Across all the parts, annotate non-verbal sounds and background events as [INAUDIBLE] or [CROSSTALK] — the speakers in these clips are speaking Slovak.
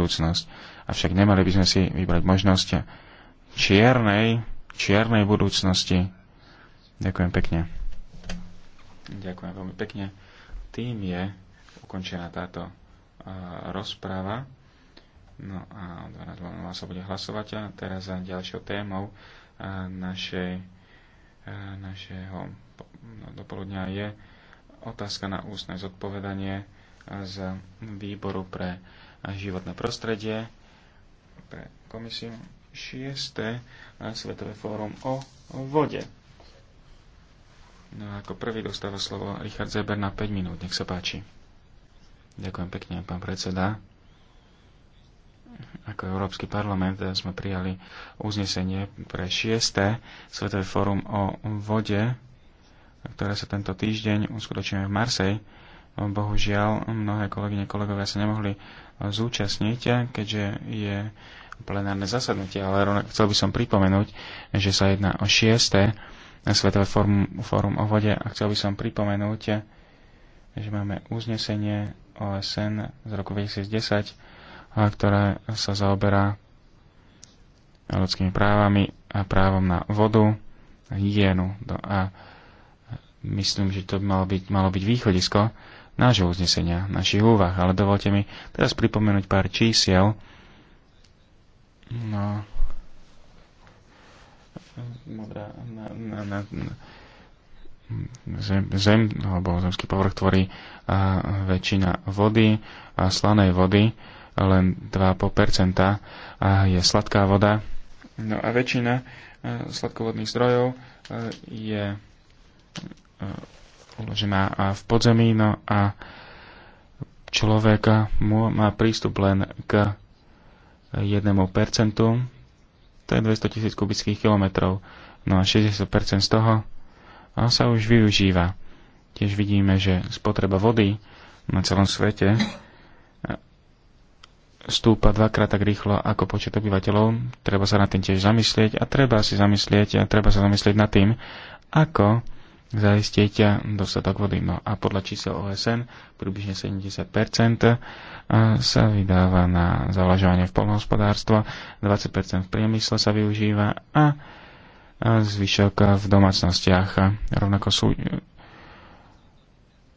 budúcnosť. Avšak nemali by sme si vybrať možnosť čiernej, čiernej budúcnosti. Ďakujem pekne. Ďakujem veľmi pekne. Tým je ukončená táto rozpráva. No a 12.00 sa bude hlasovať a teraz za ďalšou témou našej, našeho no, dopoludňa je otázka na ústne zodpovedanie z výboru pre a životné prostredie pre komisiu 6. Svetové fórum o vode. No a ako prvý dostáva slovo Richard Zeber na 5 minút. Nech sa páči. Ďakujem pekne, pán predseda. Ako Európsky parlament sme prijali uznesenie pre 6. Svetové fórum o vode, ktoré sa tento týždeň uskutočňuje v Marsej. Bohužiaľ, mnohé kolegyne, kolegovia sa nemohli zúčastniť, keďže je plenárne zasadnutie, ale chcel by som pripomenúť, že sa jedná o 6. Svetové fórum, fórum o vode a chcel by som pripomenúť, že máme uznesenie OSN z roku 2010, ktoré sa zaoberá ľudskými právami a právom na vodu, a hygienu. A myslím, že to malo byť, malo byť východisko nášho uznesenia, našich úvah. Ale dovolte mi teraz pripomenúť pár čísiel. No, modrá, na, na, na, na, zem, zem alebo zemský povrch tvorí a väčšina vody a slanej vody, len 2,5% a je sladká voda. No a väčšina sladkovodných zdrojov je uložená v podzemí, no a človek má prístup len k 1%, to je 200 tisíc kubických kilometrov, no a 60% z toho sa už využíva. Tiež vidíme, že spotreba vody na celom svete eh, stúpa dvakrát tak rýchlo ako počet obyvateľov. Treba sa na tým tiež zamyslieť a treba si zamyslieť a treba sa zamyslieť nad tým, ako zaistiť dostatok vody. No a podľa čísel OSN približne 70% eh, sa vydáva na zavlažovanie v polnohospodárstva, 20% v priemysle sa využíva a eh, zvyšok v domácnostiach. Rovnako sú, eh,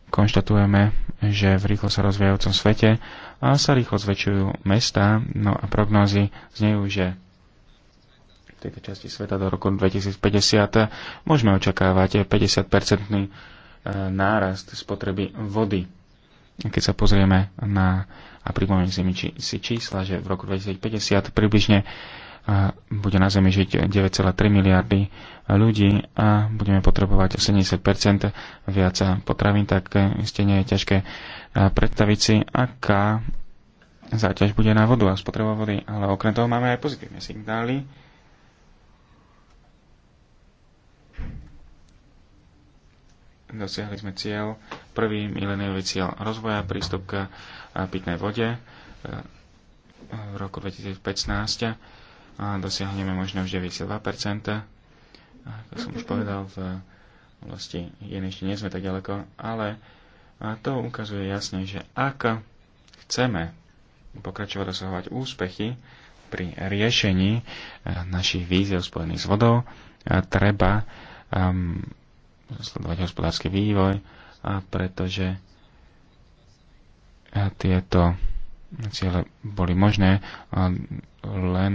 konštatujeme, že v rýchlo sa rozvíjajúcom svete sa rýchlo zväčšujú mesta, no a prognózy znejú, že tejto časti sveta do roku 2050 môžeme očakávať 50-percentný e, nárast spotreby vody. Keď sa pozrieme na, a pripomiem si, si čísla, že v roku 2050 približne e, bude na Zemi žiť 9,3 miliardy ľudí a budeme potrebovať 70 viac potravín, tak ste nie je ťažké e, predstaviť si, aká záťaž bude na vodu a spotreba vody. Ale okrem toho máme aj pozitívne signály Dosiahli sme cieľ, prvý mileniový cieľ rozvoja, prístup k eh, pitnej vode eh, v roku 2015 dosiahneme možno už 92%. Ako som už povedal, v oblasti hygieny ešte nie sme tak ďaleko, ale to ukazuje jasne, že ak chceme pokračovať dosahovať úspechy pri riešení eh, našich víziev spojených s vodou, treba ehm, sledovať hospodársky vývoj a pretože tieto ciele boli možné len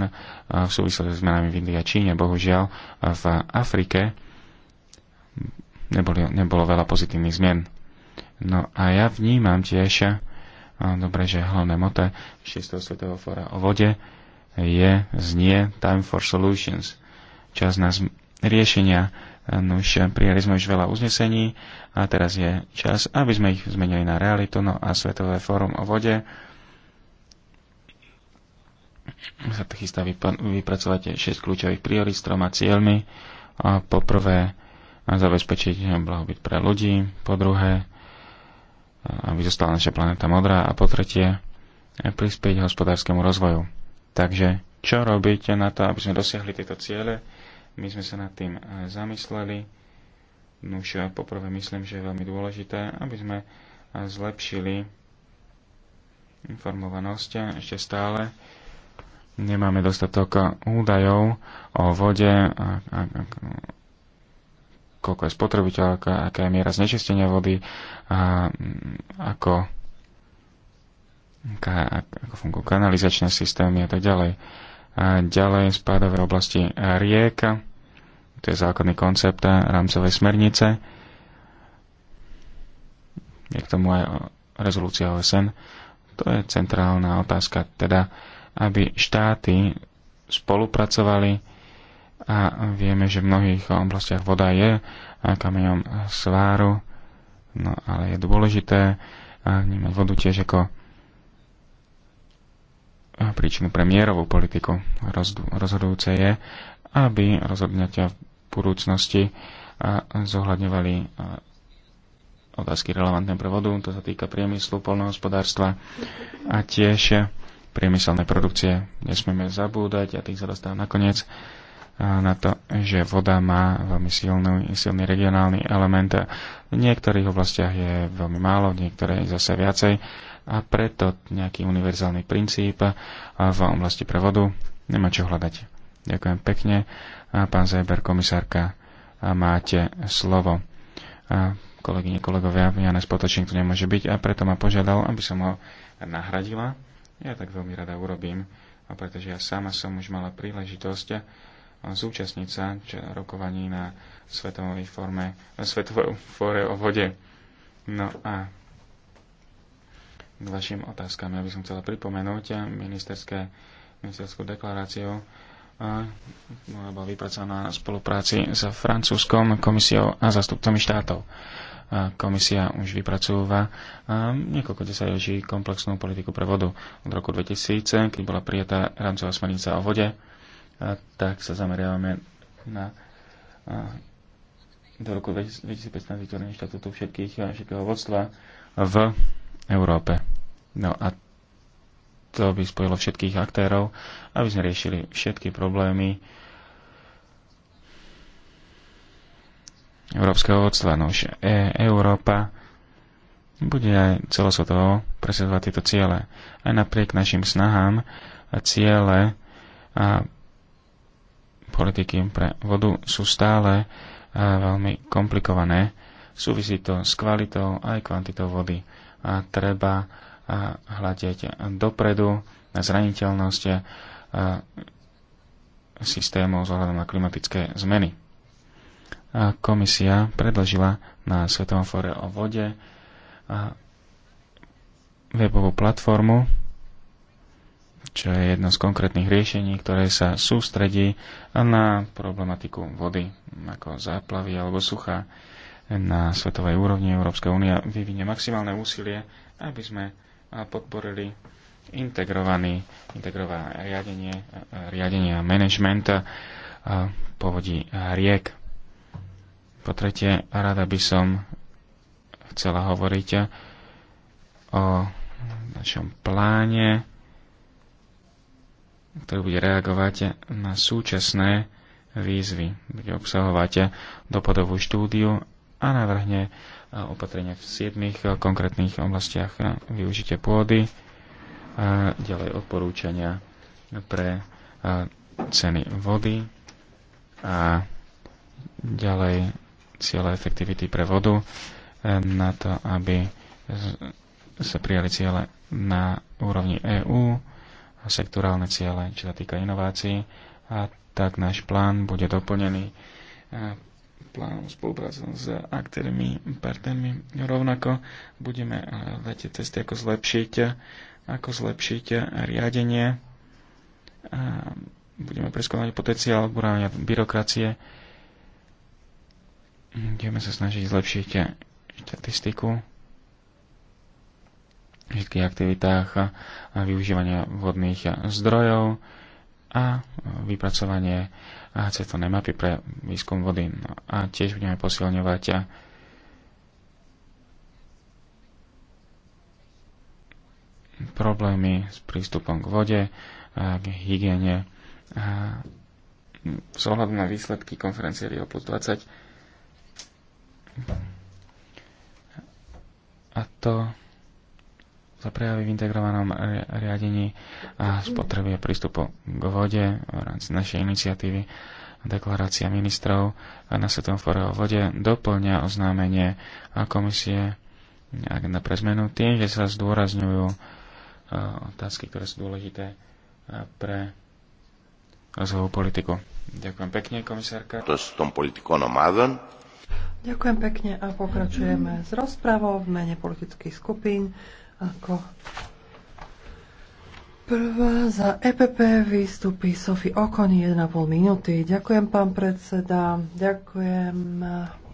v súvislosti s zmenami v Indii a Číne. Bohužiaľ v Afrike neboli, nebolo veľa pozitívnych zmien. No a ja vnímam tiež, dobre, že hlavné mote 6. svetového fóra o vode je znie Time for Solutions, čas na riešenia No už prijali sme už veľa uznesení a teraz je čas, aby sme ich zmenili na realitu. No a Svetové fórum o vode sa to chystá vypracovať 6 kľúčových priorít s troma cieľmi. A poprvé zabezpečiť blahobyt pre ľudí, po druhé, aby zostala naša planéta modrá a po tretie, prispieť hospodárskému rozvoju. Takže čo robíte na to, aby sme dosiahli tieto ciele? My sme sa nad tým eh, zamysleli. Nuž, poprvé myslím, že je veľmi dôležité, aby sme eh, zlepšili informovanosť. Ešte stále nemáme dostatok eh, údajov o vode, a, a, a, koľko je spotrebiteľ, aká, aká je miera znečistenia vody, a, ako, aká, ako fungujú kanalizačné systémy a tak ďalej a ďalej spádové oblasti riek, to je základný koncept rámcovej smernice, je k tomu aj rezolúcia OSN, to je centrálna otázka, teda aby štáty spolupracovali a vieme, že v mnohých oblastiach voda je kameňom sváru, no ale je dôležité vnímať vodu tiež ako príčinu pre mierovú politiku. Rozhodujúce je, aby rozhodňatia v budúcnosti zohľadňovali otázky relevantné pre vodu, to sa týka priemyslu, polnohospodárstva a tiež priemyselné produkcie. Nesmieme zabúdať, a tým sa dostávam nakoniec, na to, že voda má veľmi silný, silný regionálny element. V niektorých oblastiach je veľmi málo, v niektorých zase viacej a preto nejaký univerzálny princíp v oblasti prevodu nemá čo hľadať. Ďakujem pekne. Pán Zajber, komisárka, máte slovo. Kolegyne, kolegovia, Janez Potočník tu nemôže byť a preto ma požiadal, aby som ho nahradila. Ja tak veľmi rada urobím, pretože ja sama som už mala príležitosť zúčastniť sa rokovaní na svetovej forme, svetovej fóre o vode. No a k vašim otázkam. Ja by som chcela pripomenúť ministerské, ministerskú deklaráciu bola vypracovaná v spolupráci s francúzskom komisiou a zastupcami štátov. Komisia už vypracúva niekoľko desaťročí komplexnú politiku pre vodu. Od roku 2000, keď bola prijatá rámcová smernica o vode, tak sa zameriavame na do roku 2015 vytvorenie štatútu všetkých, všetkého vodstva v Európe. No a to by spojilo všetkých aktérov, aby sme riešili všetky problémy európskeho odstva. No už e- Európa bude aj celosvetovo presedovať tieto ciele. Aj napriek našim snahám a ciele a politiky pre vodu sú stále e, veľmi komplikované. Súvisí to s kvalitou aj kvantitou vody treba hľadiť dopredu na zraniteľnosť systémov z na klimatické zmeny. Komisia predložila na Svetovom fóre o vode webovú platformu, čo je jedno z konkrétnych riešení, ktoré sa sústredí na problematiku vody, ako záplavy alebo suchá na svetovej úrovni Európska únia vyvinie maximálne úsilie, aby sme podporili integrovaný, integrované riadenie, riadenie a management povodí riek. Po tretie, rada by som chcela hovoriť o našom pláne, ktorý bude reagovať na súčasné výzvy. Bude obsahovať dopodovú štúdiu a navrhne e, opatrenia v 7 e, konkrétnych oblastiach e, využitie pôdy, a ďalej odporúčania pre ceny vody a ďalej cieľe efektivity pre vodu na to, aby sa prijali ciele na úrovni EÚ a sektorálne ciele, čo sa týka inovácií a tak náš plán bude doplnený plánom spolupráce s aktérmi, partnermi. Rovnako budeme hľadať eh, cesty, ako zlepšiť, ako zlepšiť riadenie. A budeme preskúmať potenciál burávania byrokracie. Budeme sa snažiť zlepšiť štatistiku v všetkých aktivitách a využívania vodných zdrojov a vypracovanie cestovnej mapy pre výskum vody. No a tiež budeme posilňovať a problémy s prístupom k vode, k hygiene. A s na výsledky konferencie Rio plus 20 a to sa prejaví v integrovanom riadení a spotreby a prístupu k vode v rámci našej iniciatívy. Deklarácia ministrov na Svetom fóre o vode doplňa oznámenie komisie agenda pre zmenu tým, že sa zdôrazňujú e, otázky, ktoré sú dôležité e, pre rozvojovú politiku. Ďakujem pekne, komisárka. To s tom politikou Ďakujem pekne a pokračujeme s rozpravou v mene politických skupín ako prvá za EPP vystupí Sofie Okony 1,5 minúty. Ďakujem, pán predseda. Ďakujem,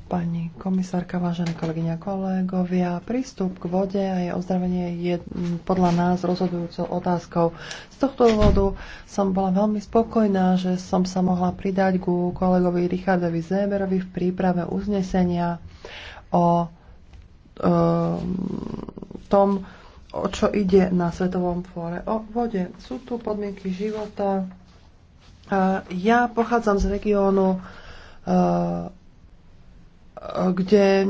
pani komisárka, vážené kolegyňa, a kolegovia. Prístup k vode a jej ozdravenie je podľa nás rozhodujúcou otázkou. Z tohto dôvodu som bola veľmi spokojná, že som sa mohla pridať ku kolegovi Richardovi Zéberovi v príprave uznesenia o Eh, tom, o čo ide na Svetovom fóre o vode. Sú tu podmienky života. Eh, ja pochádzam z regiónu, eh, kde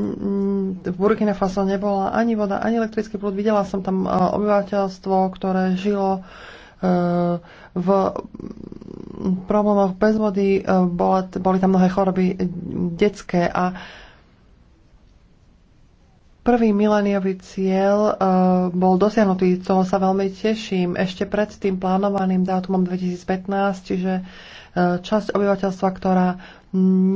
v Burkina Faso nebola ani voda, ani elektrický prúd. Videla som tam obyvateľstvo, ktoré žilo v problémoch bez vody, boli tam mnohé choroby detské a Prvý mileniový cieľ uh, bol dosiahnutý, toho sa veľmi teším, ešte pred tým plánovaným dátumom 2015, čiže uh, časť obyvateľstva, ktorá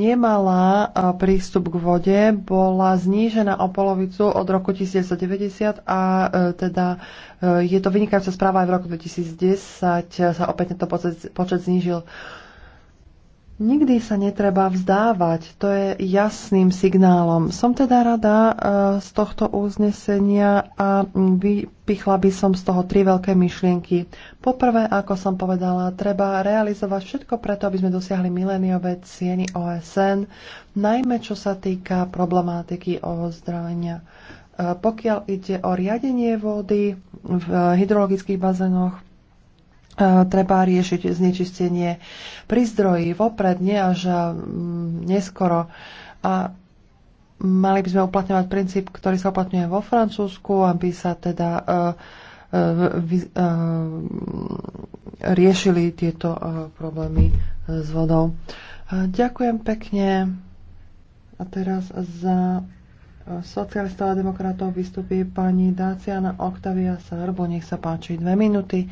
nemala uh, prístup k vode, bola znížená o polovicu od roku 1990 a uh, teda uh, je to vynikajúca správa aj v roku 2010 sa opäť tento počet, počet znížil. Uh, Nikdy sa netreba vzdávať, to je jasným signálom. Som teda rada e, z tohto uznesenia a vypichla by som z toho tri veľké myšlienky. Poprvé, ako som povedala, treba realizovať všetko preto, aby sme dosiahli miléniové cieny OSN, najmä čo sa týka problematiky ozdravenia. E, pokiaľ ide o riadenie vody v hydrologických bazénoch, E, treba riešiť znečistenie pri zdroji vopred, nie až e, neskoro. A mali by sme uplatňovať princíp, ktorý sa uplatňuje vo Francúzsku, aby sa teda e, riešili tieto problémy s vodou. Ďakujem pekne. A teraz za socialistov a demokratov vystupí pani Daciana Octavia Sarbo. Nech sa páči dve minúty.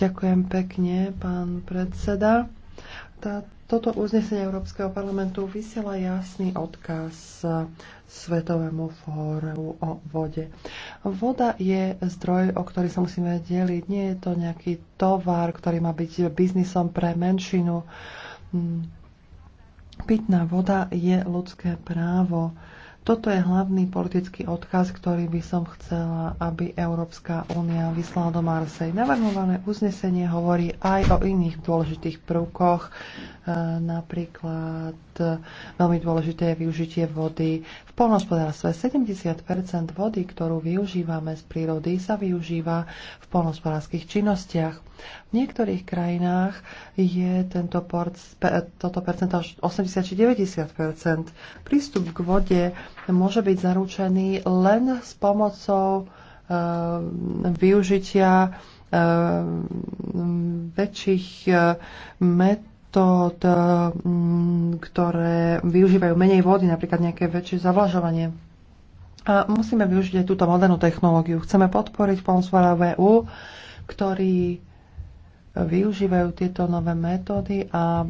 Ďakujem pekne, pán predseda. Tá, toto uznesenie Európskeho parlamentu vysiela jasný odkaz Svetovému fóru o vode. Voda je zdroj, o ktorý sa musíme deliť. Nie je to nejaký tovar, ktorý má byť biznisom pre menšinu. Pitná voda je ľudské právo toto je hlavný politický odkaz, ktorý by som chcela, aby Európska únia vyslala do Marsej. Navrhované uznesenie hovorí aj o iných dôležitých prvkoch, e, napríklad e, veľmi dôležité je využitie vody. V polnospodárstve 70 vody, ktorú využívame z prírody, sa využíva v polnospodárských činnostiach. V niektorých krajinách je tento port, toto percento až 80 či 90 Prístup k vode môže byť zaručený len s pomocou e, využitia e, väčších e, metód, ktoré využívajú menej vody, napríklad nejaké väčšie zavlažovanie. A musíme využiť aj túto modernú technológiu. Chceme podporiť Ponsvara VU, ktorí využívajú tieto nové metódy a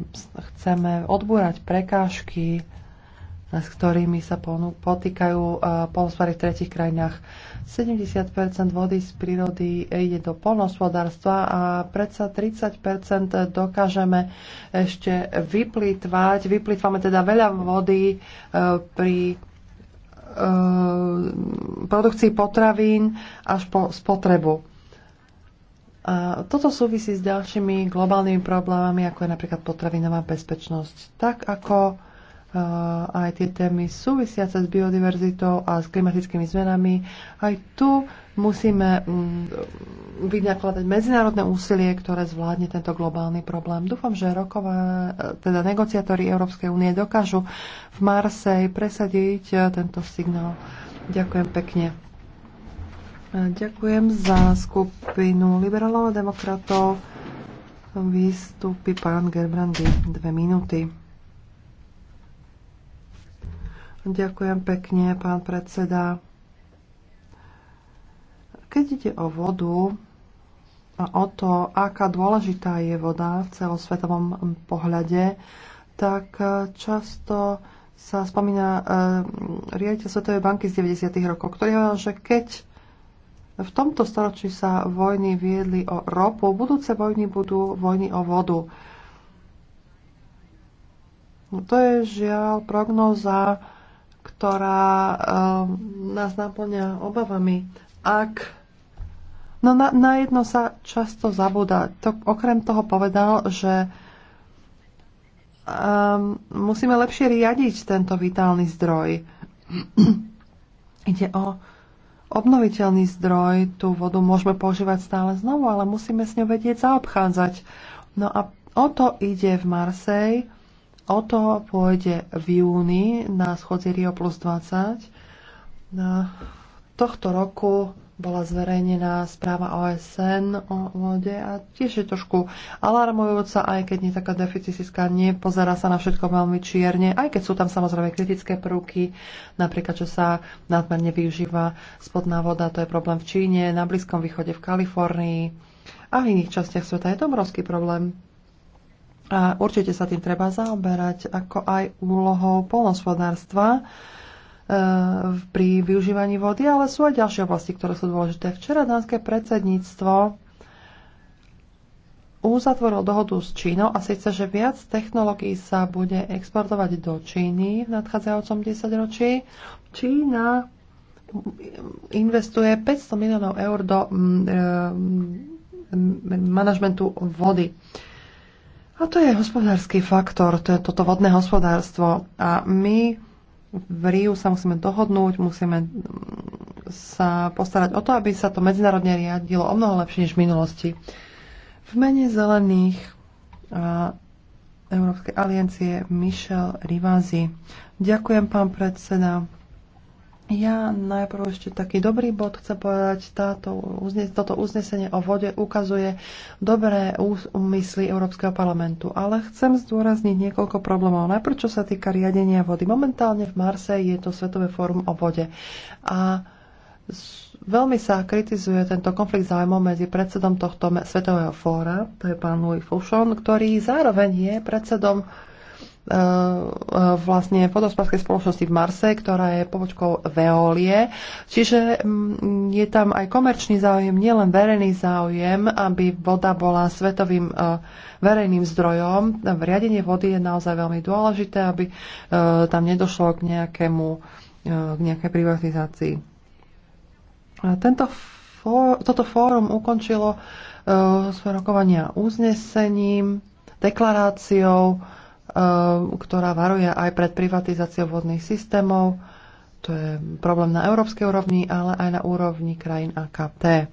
chceme odbúrať prekážky s ktorými sa potýkajú eh, polnospodári v tretich krajinách. 70 vody z prírody ide do polnospodárstva a predsa 30 dokážeme ešte vyplýtvať. Vyplýtvame teda veľa vody eh, pri eh, produkcii potravín až po spotrebu. A toto súvisí s ďalšími globálnymi problémami, ako je napríklad potravinová bezpečnosť. Tak ako aj tie témy súvisiace s biodiverzitou a s klimatickými zmenami. Aj tu musíme mm, vynakladať medzinárodné úsilie, ktoré zvládne tento globálny problém. Dúfam, že roková, teda negociátori Európskej únie dokážu v Marsej presadiť eh, tento signál. Ďakujem pekne. Eh, ďakujem za skupinu liberálov a demokratov. Vystúpi pán Gerbrandy dve minúty. Ďakujem pekne, pán predseda. Keď ide o vodu a o to, aká dôležitá je voda v celosvetovom pohľade, tak eh, často sa spomína e, riaditeľ Svetovej banky z 90. rokov, ktorý hovoril, že keď v tomto storočí sa vojny viedli o ropu, budúce vojny budú vojny o vodu. No To je žiaľ prognoza, ktorá uh, nás naplňa obavami. Ak No na, na jedno sa často zabúda. To, okrem toho povedal, že um, musíme lepšie riadiť tento vitálny zdroj. [CLEARS THROAT] Ide o obnoviteľný zdroj, tú vodu môžeme používať stále znovu, ale musíme s ňou vedieť zaobchádzať. No a o to ide v Marseille O to pôjde v júni na schodzi Rio plus 20. Na tohto roku bola zverejnená správa OSN o vode a tiež je trošku alarmujúca, aj keď nie taká deficitická, nepozerá sa na všetko veľmi čierne, aj keď sú tam samozrejme kritické prvky, napríklad, že sa nadmerne využíva spodná voda, to je problém v Číne, na Blízkom východe, v Kalifornii a v iných častiach sveta je to obrovský problém. A určite sa tým treba zaoberať, ako aj úlohou polnospodárstva e, pri využívaní vody, ale sú aj ďalšie oblasti, ktoré sú dôležité. Včera dánske predsedníctvo uzatvoril dohodu s Čínou a síce, že viac technológií sa bude exportovať do Číny v nadchádzajúcom ročí. Čína investuje 500 miliónov eur do mm, e, mm, manažmentu vody. A to je hospodársky faktor, to je toto vodné hospodárstvo. A my v Ríu sa musíme dohodnúť, musíme mm, sa postarať o to, aby sa to medzinárodne riadilo o mnoho lepšie než v minulosti. V mene zelených a Európskej aliancie Michel Rivázy. Ďakujem, pán predseda. Ja najprv ešte taký dobrý bod chcem povedať. Táto, toto uznesenie o vode ukazuje dobré úmysly Európskeho parlamentu, ale chcem zdôrazniť niekoľko problémov. Najprv, čo sa týka riadenia vody. Momentálne v Marse je to Svetové fórum o vode. A veľmi sa kritizuje tento konflikt zájmov medzi predsedom tohto Svetového fóra, to je pán Louis Fouchon, ktorý zároveň je predsedom Eh, vlastne vodospadskej spoločnosti v Marse, ktorá je pobočkou Veolie. Čiže mm, je tam aj komerčný záujem, nielen verejný záujem, aby voda bola svetovým eh, verejným zdrojom. Riadenie vody je naozaj veľmi dôležité, aby eh, tam nedošlo k nejakému k nejakej privatizácii. Tento fór, toto fórum ukončilo uh, svoje rokovania uznesením, deklaráciou, uh, Eh, ktorá varuje aj pred privatizáciou vodných systémov. To je problém na európskej úrovni, ale aj na úrovni krajín AKT.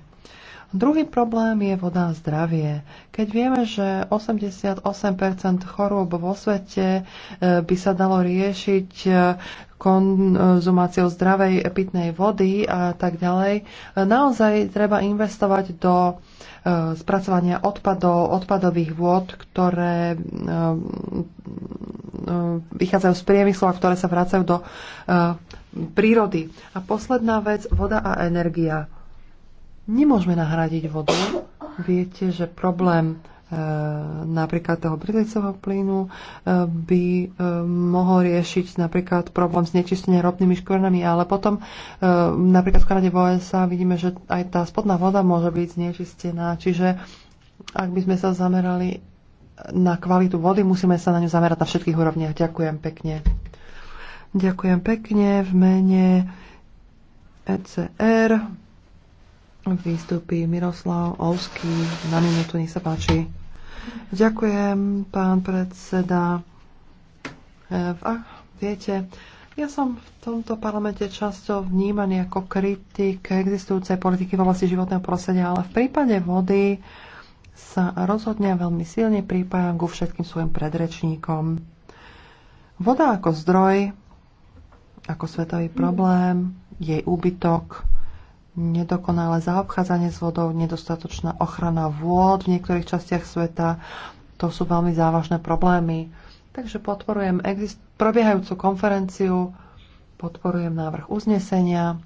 Druhý problém je voda a zdravie. Keď vieme, že 88% chorôb vo svete e, by sa dalo riešiť e, konzumáciou zdravej pitnej vody a tak ďalej, e, naozaj treba investovať do spracovania odpadov, odpadových vôd, ktoré vychádzajú z priemyslu a ktoré sa vracajú do prírody. A posledná vec, voda a energia nemôžeme nahradiť vodu. Viete, že problém e, napríklad toho bridlicového plynu e, by e, mohol riešiť napríklad problém s nečistenia ropnými škvrnami, ale potom napríklad v Kanade v vidíme, že aj tá spodná voda môže byť znečistená, čiže ak by sme sa zamerali na kvalitu vody, musíme sa na ňu zamerať na všetkých úrovniach. Ďakujem pekne. Ďakujem pekne v mene ECR. Výstupy Miroslav Ovský na minútu, nech sa páči. Ďakujem, pán predseda. E, A viete, ja som v tomto parlamente často vnímaný ako kritik existujúcej politiky v oblasti životného prostredia, ale v prípade vody sa rozhodne veľmi silne pripájam ku všetkým svojim predrečníkom. Voda ako zdroj, ako svetový problém, jej úbytok, nedokonalé zaobchádzanie s vodou, nedostatočná ochrana vôd v niektorých častiach sveta. To sú veľmi závažné problémy. Takže podporujem exist- konferenciu, podporujem návrh uznesenia. E,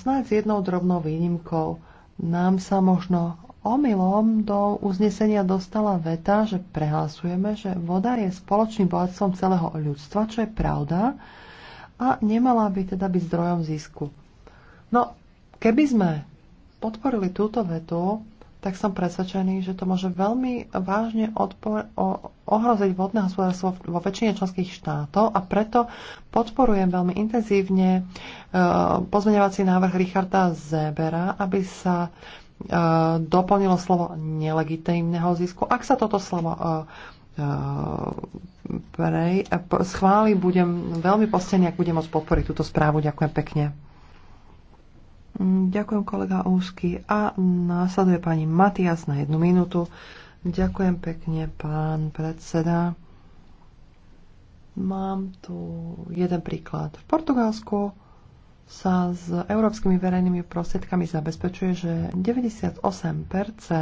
snáď s jednou drobnou výnimkou nám sa možno omylom do uznesenia dostala veta, že prehlasujeme, že voda je spoločným bohatstvom celého ľudstva, čo je pravda a nemala by teda byť zdrojom zisku. No, keby sme podporili túto vetu, tak som presvedčený, že to môže veľmi vážne odpor- o- ohroziť vodné hospodárstvo vo väčšine členských štátov a preto podporujem veľmi intenzívne e, pozmeňovací návrh Richarda Zebera, aby sa e, doplnilo slovo nelegitímneho zisku. Ak sa toto slovo e, e, e schváli, budem veľmi postený, ak budem môcť podporiť túto správu. Ďakujem pekne. Mm, ďakujem kolega Úsky. A následuje pani Matias na jednu minútu. Ďakujem pekne, pán predseda. Mám tu jeden príklad. V Portugalsku sa s európskymi verejnými prostriedkami zabezpečuje, že 98 e,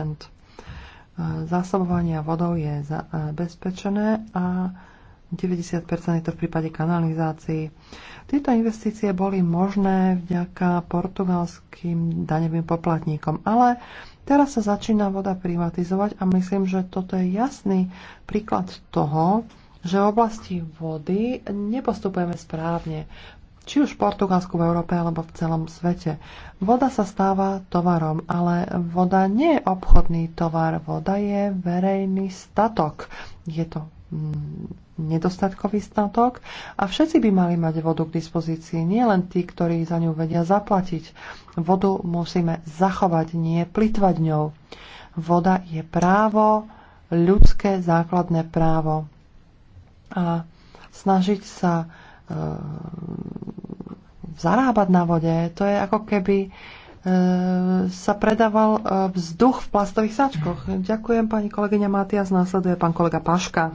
zásobovania vodou je zabezpečené a 90% je to v prípade kanalizácií. Tieto investície boli možné vďaka portugalským daňovým poplatníkom, ale teraz sa začína voda privatizovať a myslím, že toto je jasný príklad toho, že v oblasti vody nepostupujeme správne, či už v Portugalsku, v Európe alebo v celom svete. Voda sa stáva tovarom, ale voda nie je obchodný tovar, voda je verejný statok. Je to mm, nedostatkový statok a všetci by mali mať vodu k dispozícii, nie len tí, ktorí za ňu vedia zaplatiť. Vodu musíme zachovať, nie plitvať ňou. Voda je právo, ľudské základné právo. A snažiť sa e, zarábať na vode, to je ako keby e, sa predával e, vzduch v plastových sačkoch. Ďakujem pani kolegyňa Matias, následuje pán kolega Paška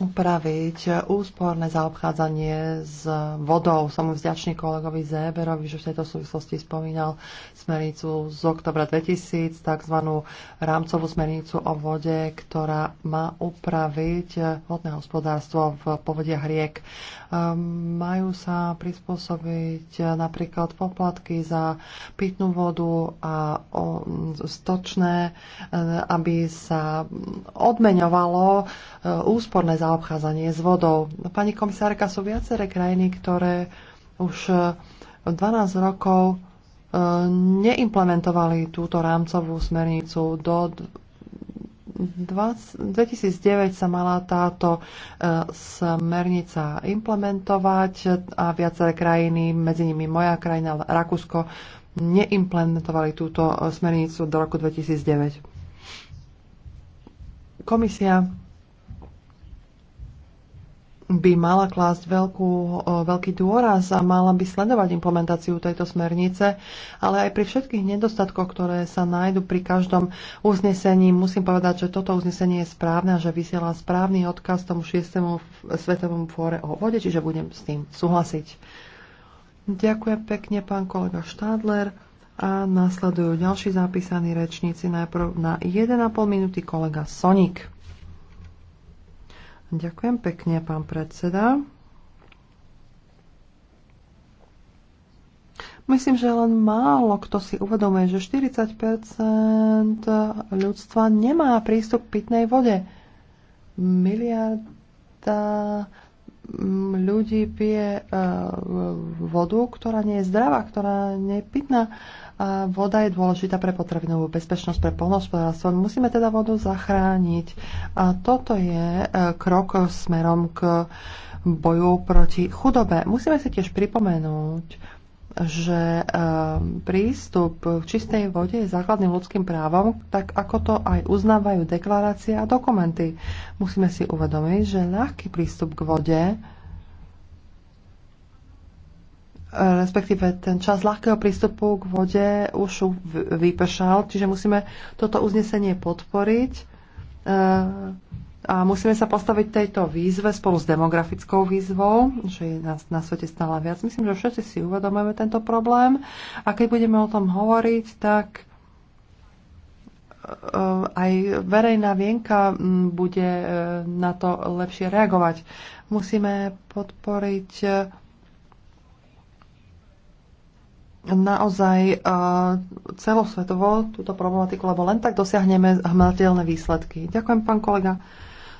upraviť úsporné zaobchádzanie s vodou. Som vďačný kolegovi Zéberovi, že v tejto súvislosti spomínal smernicu z oktobra 2000, tzv. rámcovú smernicu o vode, ktorá má upraviť vodné hospodárstvo v povodiach riek. Ehm, majú sa prispôsobiť napríklad poplatky za pitnú vodu a stočné, e, aby sa odmeňovalo e, úsporné zaobchádzanie s vodou. Pani komisárka, sú viaceré krajiny, ktoré už 12 e, rokov e, neimplementovali túto rámcovú smernicu. Do 2009 sa mala táto e, smernica implementovať a viaceré krajiny, medzi nimi moja krajina, Rakúsko, neimplementovali túto smernicu do roku 2009. Komisia by mala klásť veľkú, veľký dôraz a mala by sledovať implementáciu tejto smernice, ale aj pri všetkých nedostatkoch, ktoré sa nájdu pri každom uznesení, musím povedať, že toto uznesenie je správne a že vysiela správny odkaz tomu 6. svetovému fóre o vode, čiže budem s tým súhlasiť. Ďakujem pekne, pán kolega Štádler. A nasledujú ďalší zapísaní rečníci. Najprv na 1,5 minúty kolega Sonik. Ďakujem pekne, pán predseda. Myslím, že len málo kto si uvedomuje, že 40 ľudstva nemá prístup k pitnej vode. Miliarda mm, ľudí pije e, vodu, ktorá nie je zdravá, ktorá nie je pitná. Voda je dôležitá pre potravinovú bezpečnosť, pre polnohospodárstvo. Musíme teda vodu zachrániť. A toto je e, krok smerom k boju proti chudobe. Musíme si tiež pripomenúť, že e, prístup k čistej vode je základným ľudským právom, tak ako to aj uznávajú deklarácie a dokumenty. Musíme si uvedomiť, že ľahký prístup k vode respektíve ten čas ľahkého prístupu k vode už vypršal, čiže musíme toto uznesenie podporiť e, a musíme sa postaviť tejto výzve spolu s demografickou výzvou, že je nás na svete stále viac. Myslím, že všetci si uvedomujeme tento problém a keď budeme o tom hovoriť, tak e, aj verejná vienka bude e, na to lepšie reagovať. Musíme podporiť naozaj e, celosvetovo túto problematiku, lebo len tak dosiahneme hmatateľné výsledky. Ďakujem, pán kolega.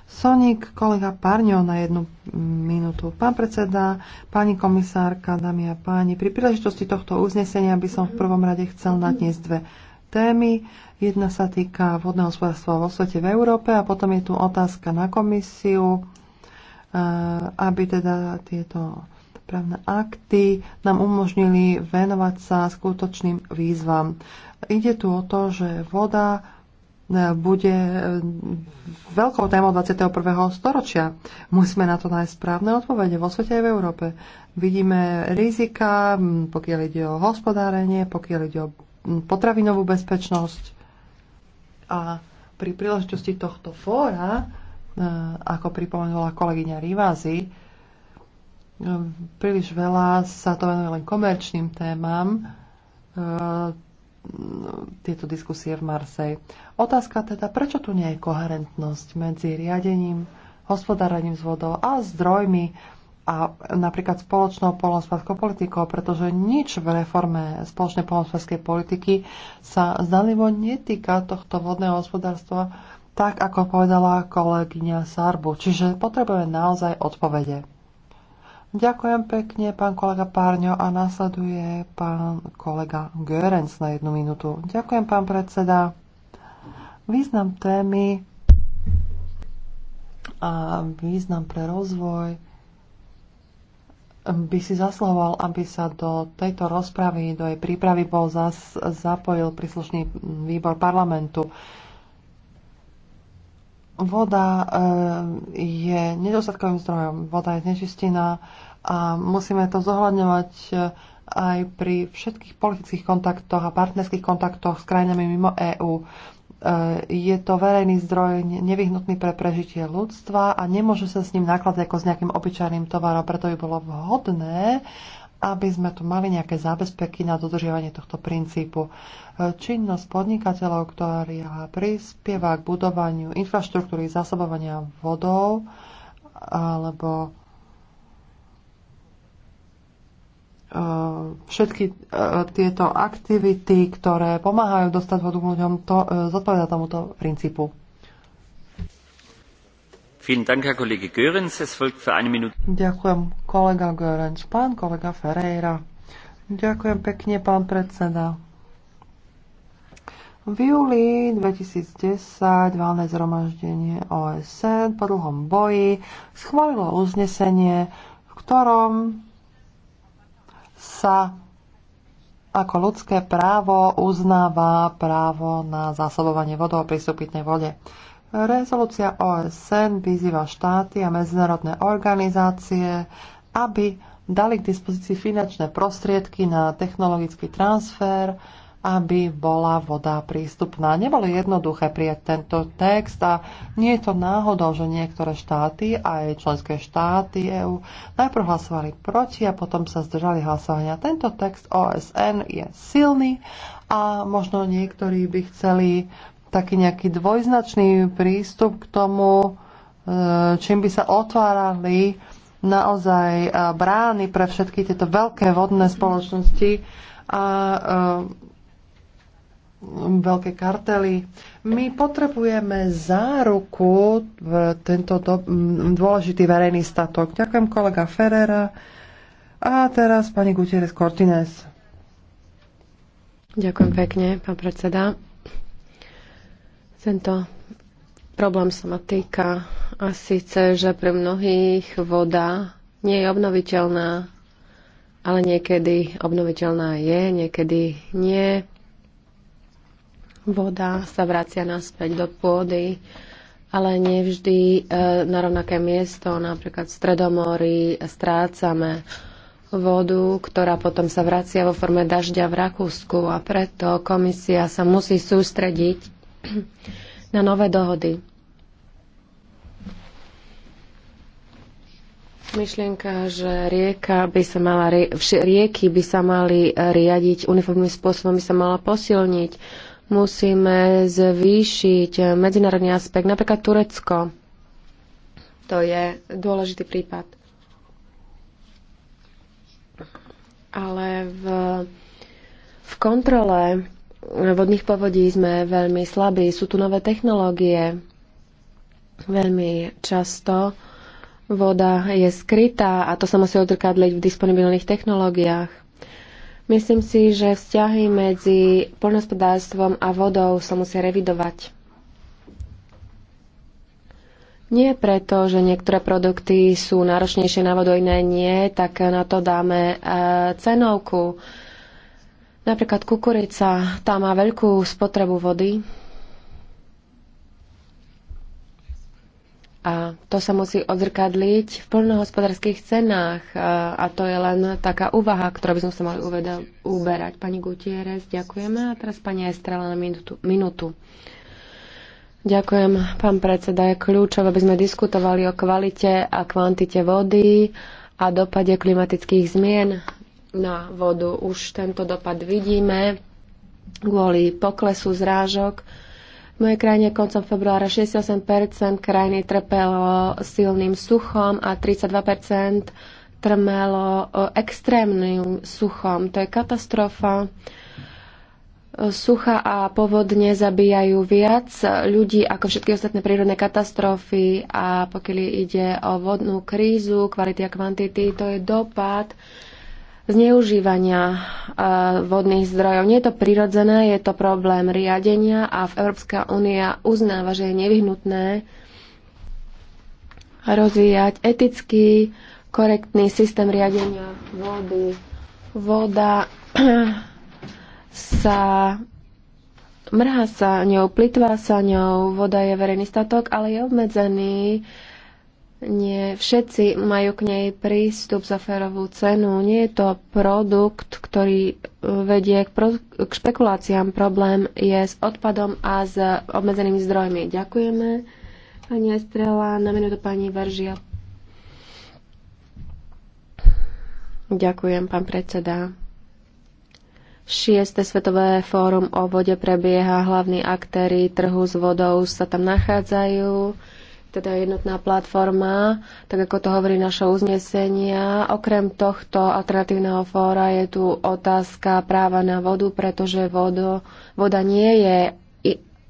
Sonik, kolega Párňo na jednu minútu. Pán predseda, pani komisárka, dámy a páni, pri príležitosti tohto uznesenia by som v prvom rade chcel nadniesť dve témy. Jedna sa týka vodného hospodárstva vo svete v Európe a potom je tu otázka na komisiu, e, aby teda tieto právne akty nám umožnili venovať sa skutočným výzvam. Ide tu o to, že voda e, bude e, veľkou témou 21. storočia. Musíme na to nájsť správne odpovede vo svete aj v Európe. Vidíme rizika, pokiaľ ide o hospodárenie, pokiaľ ide o potravinovú bezpečnosť. A pri príležitosti tohto fóra, e, ako pripomenula kolegyňa Rivázy, Príliš veľa sa to venuje len komerčným témam e, tieto diskusie v Marsej. Otázka teda, prečo tu nie je koherentnosť medzi riadením, hospodárením s vodou a zdrojmi a napríklad spoločnou polnospadskou politikou, pretože nič v reforme spoločnej polnospadskej politiky sa zdalivo netýka tohto vodného hospodárstva, tak ako povedala kolegyňa Sarbu. Čiže potrebujeme naozaj odpovede. Ďakujem pekne, pán kolega Párňo a nasleduje pán kolega Görens na jednu minútu. Ďakujem, pán predseda. Význam témy a význam pre rozvoj by si zasloval, aby sa do tejto rozpravy, do jej prípravy bol zas, zapojil príslušný výbor parlamentu. Voda e, je nedostatkovým zdrojom, voda je znečistená a musíme to zohľadňovať e, aj pri všetkých politických kontaktoch a partnerských kontaktoch s krajinami mimo EÚ. E, je to verejný zdroj nevyhnutný pre prežitie ľudstva a nemôže sa s ním nakladať ako s nejakým obyčajným tovarom, preto by bolo vhodné, aby sme tu mali nejaké zábezpeky na dodržiavanie tohto princípu. E, činnosť podnikateľov, ktorá prispieva k budovaniu infraštruktúry zásobovania vodou alebo E, všetky e, tieto aktivity, ktoré pomáhajú dostať vodu k ľuďom, to e, zodpoveda tomuto princípu. Ďakujem, kolega Görens. Pán kolega Ferreira. Ďakujem pekne, pán predseda. V júli 2010 valné zhromaždenie OSN po dlhom boji schválilo uznesenie, v ktorom sa ako ľudské právo uznáva právo na zásobovanie vodou a prístup pitnej vode. Rezolúcia OSN vyzýva štáty a medzinárodné organizácie, aby dali k dispozícii finančné prostriedky na technologický transfer aby bola voda prístupná. Nebolo jednoduché prijať tento text a nie je to náhodou, že niektoré štáty, aj členské štáty EÚ, najprv hlasovali proti a potom sa zdržali hlasovania. Tento text OSN je silný a možno niektorí by chceli taký nejaký dvojznačný prístup k tomu, e, čím by sa otvárali naozaj e, brány pre všetky tieto veľké vodné spoločnosti a e, veľké kartely. My potrebujeme záruku v tento do, dôležitý verejný statok. Ďakujem kolega Ferrera. A teraz pani Gutierrez Cortines. Ďakujem pekne, pán predseda. Tento problém sa ma týka a síce, že pre mnohých voda nie je obnoviteľná, ale niekedy obnoviteľná je, niekedy nie voda sa vracia naspäť do pôdy, ale nevždy e, na rovnaké miesto, napríklad v stredomori strácame vodu, ktorá potom sa vracia vo forme dažďa v Rakúsku a preto komisia sa musí sústrediť [CLEARS THROAT] na nové dohody. Myšlienka, že rieka by sa mala, rieky by sa mali riadiť uniformným spôsobom, by sa mala posilniť Musíme zvýšiť medzinárodný aspekt, napríklad Turecko. To je dôležitý prípad. Ale v, v kontrole vodných povodí sme veľmi slabí. Sú tu nové technológie. Veľmi často voda je skrytá a to sa musí odrkadliť v disponibilných technológiách. Myslím si, že vzťahy medzi poľnohospodárstvom a vodou sa musia revidovať. Nie preto, že niektoré produkty sú náročnejšie na vodu, iné nie, tak na to dáme e, cenovku. Napríklad kukurica, tá má veľkú spotrebu vody, A to sa musí odzrkadliť v plnohospodárských cenách. A, a to je len taká úvaha, ktorú by sme sa mali uberať. Pani Gutierrez, ďakujeme. A teraz pani Estrela na minutu. minutu. Ďakujem, pán predseda. Je kľúčové, aby sme diskutovali o kvalite a kvantite vody a dopade klimatických zmien na vodu. Už tento dopad vidíme kvôli poklesu zrážok v mojej krajine koncom februára 68% krajiny trpelo silným suchom a 32% trmelo e, extrémnym suchom. To je katastrofa. E, sucha a povodne zabíjajú viac ľudí ako všetky ostatné prírodné katastrofy a pokiaľ ide o vodnú krízu, kvality a kvantity, to je dopad zneužívania e, vodných zdrojov. Nie je to prirodzené, je to problém riadenia a Európska únia uznáva, že je nevyhnutné rozvíjať etický, korektný systém riadenia vody. Voda [CLEARS THROAT] sa mrhá sa ňou, plitvá sa ňou, voda je verejný statok, ale je obmedzený nie všetci majú k nej prístup za férovú cenu. Nie je to produkt, ktorý e, vedie k, pro, k špekuláciám. Problém je s odpadom a s obmedzenými zdrojmi. Ďakujeme. Pani Estrela, na minútu pani Veržia. Ďakujem, pán predseda. 6. Svetové fórum o vode prebieha. Hlavní aktéry trhu s vodou sa tam nachádzajú teda jednotná platforma, tak ako to hovorí naše uznesenia. Okrem tohto alternatívneho fóra je tu otázka práva na vodu, pretože vodo, voda nie je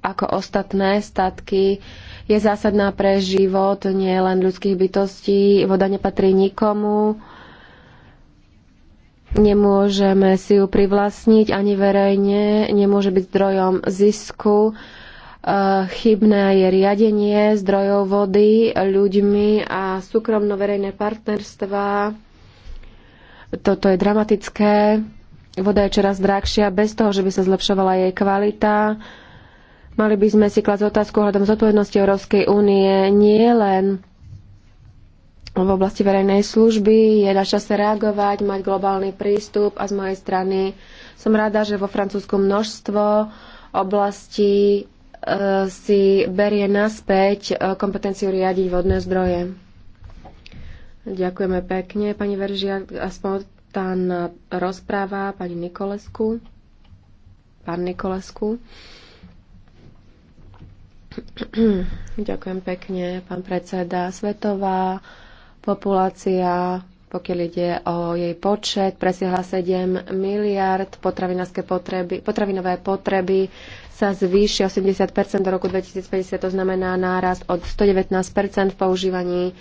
ako ostatné statky, je zásadná pre život nie len ľudských bytostí. Voda nepatrí nikomu. Nemôžeme si ju privlastniť ani verejne, nemôže byť zdrojom zisku Eh, chybné je riadenie zdrojov vody ľuďmi a súkromno-verejné partnerstva. Toto je dramatické. Voda je čoraz drahšia bez toho, že by sa zlepšovala jej kvalita. Mali by sme si klásť otázku ohľadom zodpovednosti Európskej únie nie len v oblasti verejnej služby. Je na čase reagovať, mať globálny prístup a z mojej strany som rada, že vo Francúzsku množstvo oblastí Eh, si berie naspäť eh, kompetenciu riadiť vodné zdroje. Ďakujeme pekne, pani Veržia. A tá rozpráva pani Nikolesku. Pán Nikolesku. [CLEARS THROAT] Ďakujem pekne, pán predseda. Svetová populácia, pokiaľ ide o jej počet, presiahla 7 miliard potravinové potreby sa zvýši 80 do roku 2050, to znamená nárast od 119 v používaní e,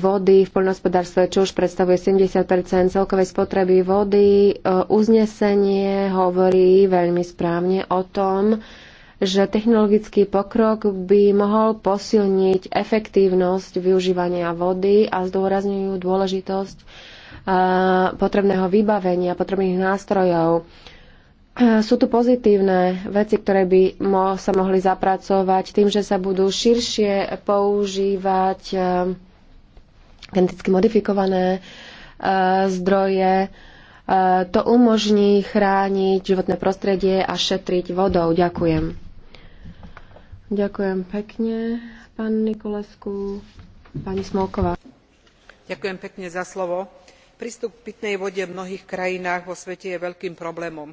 vody v poľnohospodárstve, čo už predstavuje 70 celkovej spotreby vody. E, uznesenie hovorí veľmi správne o tom, že technologický pokrok by mohol posilniť efektívnosť využívania vody a zdôrazňujú dôležitosť e, potrebného vybavenia, potrebných nástrojov. E, sú tu pozitívne veci, ktoré by mo- sa mohli zapracovať tým, že sa budú širšie používať e, geneticky modifikované e, zdroje. To umožní chrániť životné prostredie a šetriť vodou. Ďakujem. Ďakujem pekne, pán Nikolesku, pani Smolková. Ďakujem pekne za slovo. Prístup k pitnej vode v mnohých krajinách vo svete je veľkým problémom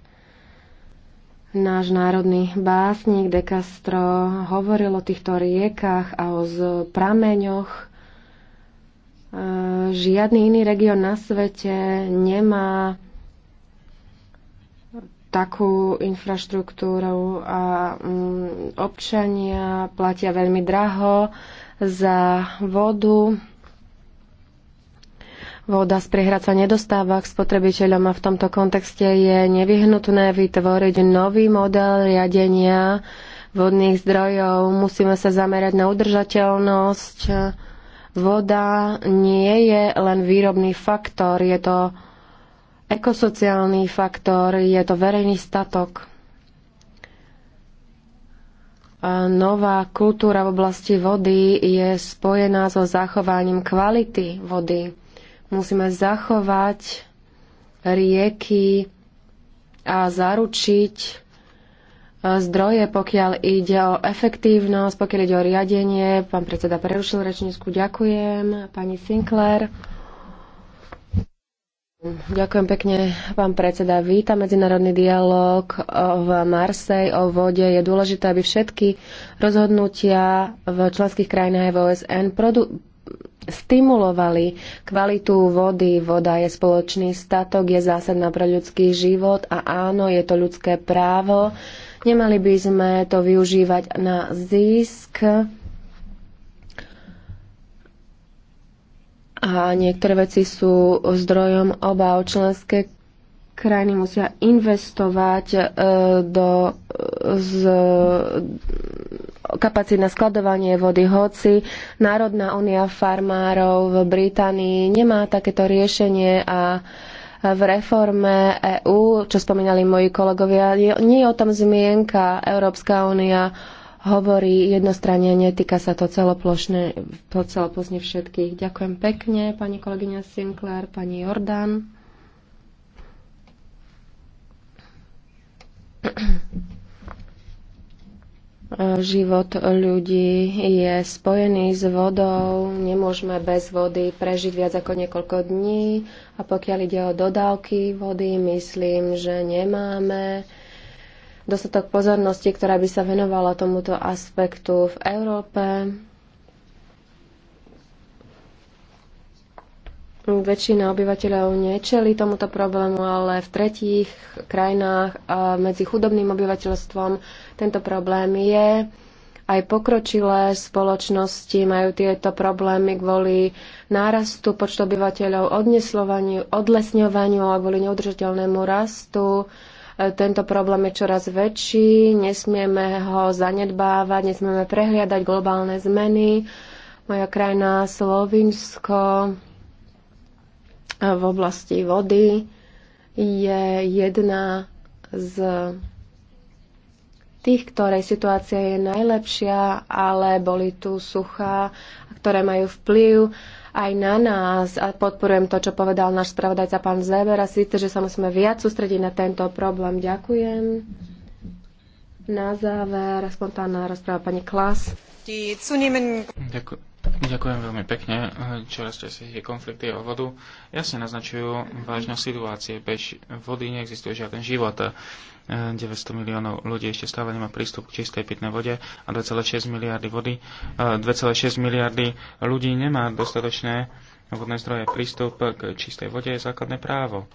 Náš národný básnik De Castro hovoril o týchto riekach a o prameňoch. E, žiadny iný región na svete nemá takú infraštruktúru a mm, občania platia veľmi draho za vodu voda z priehrad sa nedostáva k spotrebiteľom a v tomto kontexte je nevyhnutné vytvoriť nový model riadenia vodných zdrojov. Musíme sa zamerať na udržateľnosť. Voda nie je len výrobný faktor, je to ekosociálny faktor, je to verejný statok. A nová kultúra v oblasti vody je spojená so zachovaním kvality vody. Musíme zachovať rieky a zaručiť e, zdroje, pokiaľ ide o efektívnosť, pokiaľ ide o riadenie. Pán predseda prerušil rečnícku. Ďakujem. Pani Sinclair. Ďakujem pekne, pán predseda. Vítam medzinárodný dialog e, v Marsej o vode. Je dôležité, aby všetky rozhodnutia v členských krajinách aj v OSN produ- stimulovali kvalitu vody. Voda je spoločný statok, je zásadná pre ľudský život a áno, je to ľudské právo. Nemali by sme to využívať na zisk. A niektoré veci sú zdrojom obav. Členské krajiny musia investovať e, do, z, kapacít na skladovanie vody, hoci Národná únia farmárov v Británii nemá takéto riešenie a v reforme EÚ, čo spomínali moji kolegovia, nie je o tom zmienka. Európska únia hovorí jednostranne, netýka sa to celoplošne, celoplošne všetkých. Ďakujem pekne, pani kolegyňa Sinclair, pani Jordan život ľudí je spojený s vodou, nemôžeme bez vody prežiť viac ako niekoľko dní a pokiaľ ide o dodávky vody, myslím, že nemáme dostatok pozornosti, ktorá by sa venovala tomuto aspektu v Európe. väčšina obyvateľov nečeli tomuto problému, ale v tretích krajinách a medzi chudobným obyvateľstvom tento problém je. Aj pokročilé spoločnosti majú tieto problémy kvôli nárastu počtu obyvateľov, odlesňovaniu a kvôli neudržateľnému rastu. E, tento problém je čoraz väčší, nesmieme ho zanedbávať, nesmieme prehliadať globálne zmeny. Moja krajina Slovinsko v oblasti vody je jedna z tých, ktorej situácia je najlepšia, ale boli tu suchá, ktoré majú vplyv aj na nás. A podporujem to, čo povedal náš spravodajca pán Zeber a síce, že sa musíme viac sústrediť na tento problém. Ďakujem. Na záver spontánna rozpráva pani Klas. Ďakujem. Ďakujem veľmi pekne. Čoraz tie konflikty o vodu jasne naznačujú vážnosť situácie. Bez vody neexistuje žiaden život. 900 miliónov ľudí ešte stále nemá prístup k čistej pitnej vode a 2,6 miliardy, vody, 2,6 miliardy ľudí nemá dostatočné vodné zdroje. Prístup k čistej vode je základné právo.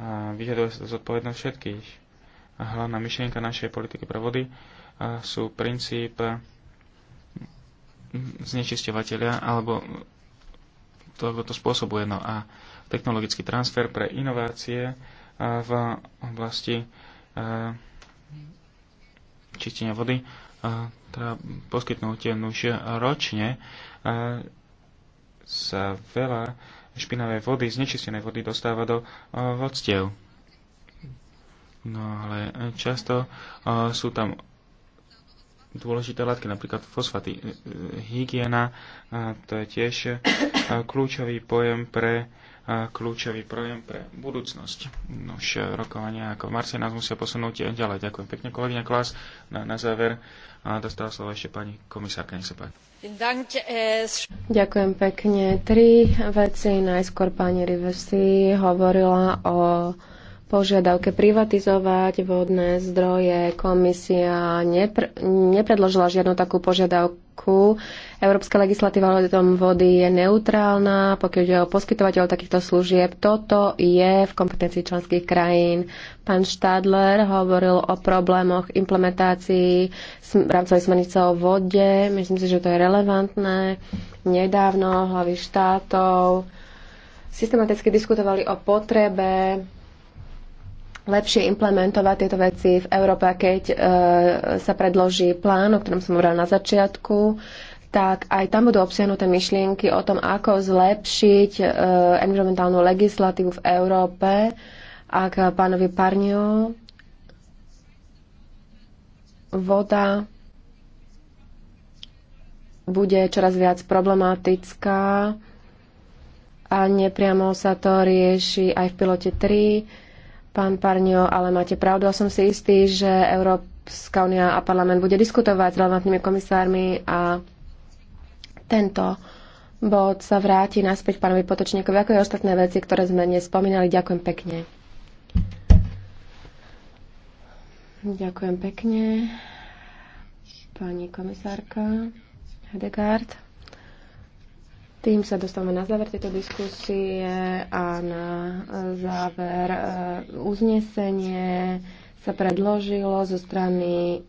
A vyžaduje sa to zodpovednosť všetkých. A hlavná myšlienka našej politiky pre vody sú princíp znečisťovateľia alebo to, to spôsobuje. No a technologický transfer pre inovácie v oblasti čistenia vody teda poskytnúť už ročne sa veľa špinavej vody, znečistenej vody dostáva do vodstiev. No ale často sú tam dôležité látky, napríklad fosfaty. E, e, hygiena to je tiež e, kľúčový pojem pre kľúčový pojem pre budúcnosť. Už rokovania ako v Marse nás musia posunúť ďalej. Ďakujem pekne, kolegyňa Klas. Na, na záver dostala slovo ešte pani komisárka, nech sa páči. Ďakujem pekne. Tri veci. Najskôr pani Rivesi hovorila o požiadavke privatizovať vodné zdroje. Komisia nepr- nepredložila žiadnu takú požiadavku. Európska legislatíva o vody je neutrálna, pokiaľ ide o poskytovateľov takýchto služieb. Toto je v kompetencii členských krajín. Pán Štadler hovoril o problémoch implementácií rámcovej smernice o vode. Myslím si, že to je relevantné. Nedávno hlavy štátov systematicky diskutovali o potrebe lepšie implementovať tieto veci v Európe, keď e, sa predloží plán, o ktorom som hovorila na začiatku, tak aj tam budú obsiahnuté myšlienky o tom, ako zlepšiť e, environmentálnu legislatívu v Európe. A k pánovi Parňo, voda bude čoraz viac problematická a nepriamo sa to rieši aj v pilote 3 pán Parnio, ale máte pravdu a som si istý, že Európska únia a parlament bude diskutovať s relevantnými komisármi a tento bod sa vráti naspäť pánovi Potočníkovi, ako aj ostatné veci, ktoré sme dnes spomínali. Ďakujem pekne. Ďakujem pekne. Pani komisárka Hedegaard. Tým sa dostávame na záver tejto diskusie a na záver eh, uznesenie sa predložilo zo strany